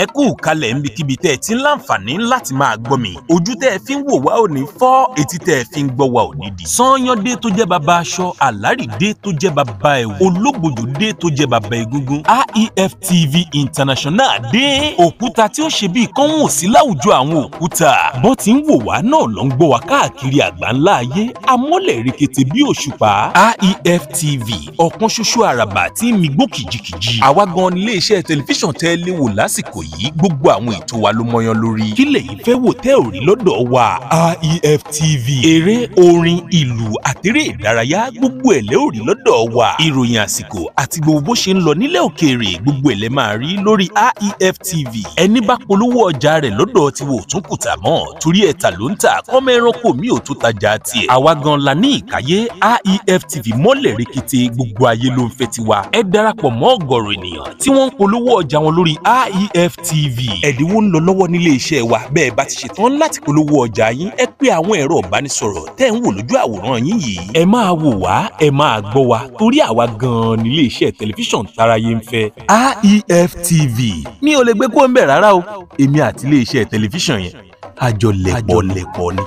ẹ kú kalẹ̀ níbikíbi tẹ́ ẹ ti ń láǹfààní láti máa gbọ́ mi ojú tẹ́ ẹ fi ń wò wá ò fọ́ etí tẹ́ ẹ fi ń gbọ́ wá ò di. sanyọ́dé tó jẹ́ baba aṣọ alárìdé tó jẹ́ baba ẹ̀wò ológbòjòdé tó jẹ́ baba egungun AEF TV International dé òkúta tí ó ṣe bíi kánwò sí láwùjọ àwọn òkúta bọ́n ti ń wò wá náà ló ń gbọ́ wá káàkiri àgbáńlá ayé amọ́lẹ̀ rẹ̀kẹ̀tẹ̀ bí òṣùpá AEF TV ọ̀kan ṣoṣo àràbà tí ń migbó kìjikìji àwa gan-an iléeṣẹ́ tẹlifíṣàn tẹ́ lé wò lásìkò y yìí gbogbo àwọn ètò wa ló mọ́yán lórí kí lèyí fẹ́ wò tẹ́ ò rí lọ́dọ̀ wa AIF e TV eré orin ìlú àtẹ̀rẹ́ ìdárayá gbogbo ẹ̀ lẹ́ ò rí lọ́dọ̀ wa ìròyìn àsìkò àti gbogbo bó ṣe ń lọ nílẹ̀ òkèèrè gbogbo ẹ̀ lẹ́ máa rí lórí AIF e TV ẹni bá polówó ọjà rẹ̀ lọ́dọ̀ tiwo tún kùtà mọ́ torí ẹ̀ta ló ń tà kọ́mọ ẹranko mi ò tún tajà tiẹ̀ àwa gan la ní ìkáyé AIF e TV mọ́lẹ̀ rekete gbogbo ayé ló ń fẹ́ tiwa ẹ darapọ̀ mọ́ ọ̀gọ̀rọ̀ ènìyàn tí wọ́n ń polówó ọjà wọn lórí AIF TV ẹ̀dínwó ń lọ lọ́wọ́ nílé iṣẹ́ wa bẹ́ẹ̀ bá ti ṣetán láti polówó ọjà yín ẹ pé àwọn ẹ̀rọ ìbánisọ̀rọ̀ tẹ́ ń wò lójú àwòrán yín yìí ẹ máa wò wá ẹ máa gbọ́ wa torí àwa gan-an nílé iṣẹ́ tẹlifíṣàn tàráyé ń fẹ́ AEF TV mi ò lè gbé kó ń bẹ̀ rárá o èmi àti ilé iṣẹ́ tẹlifíṣàn yẹn àjọlẹ̀pọ̀ lẹ̀pọ̀ ni.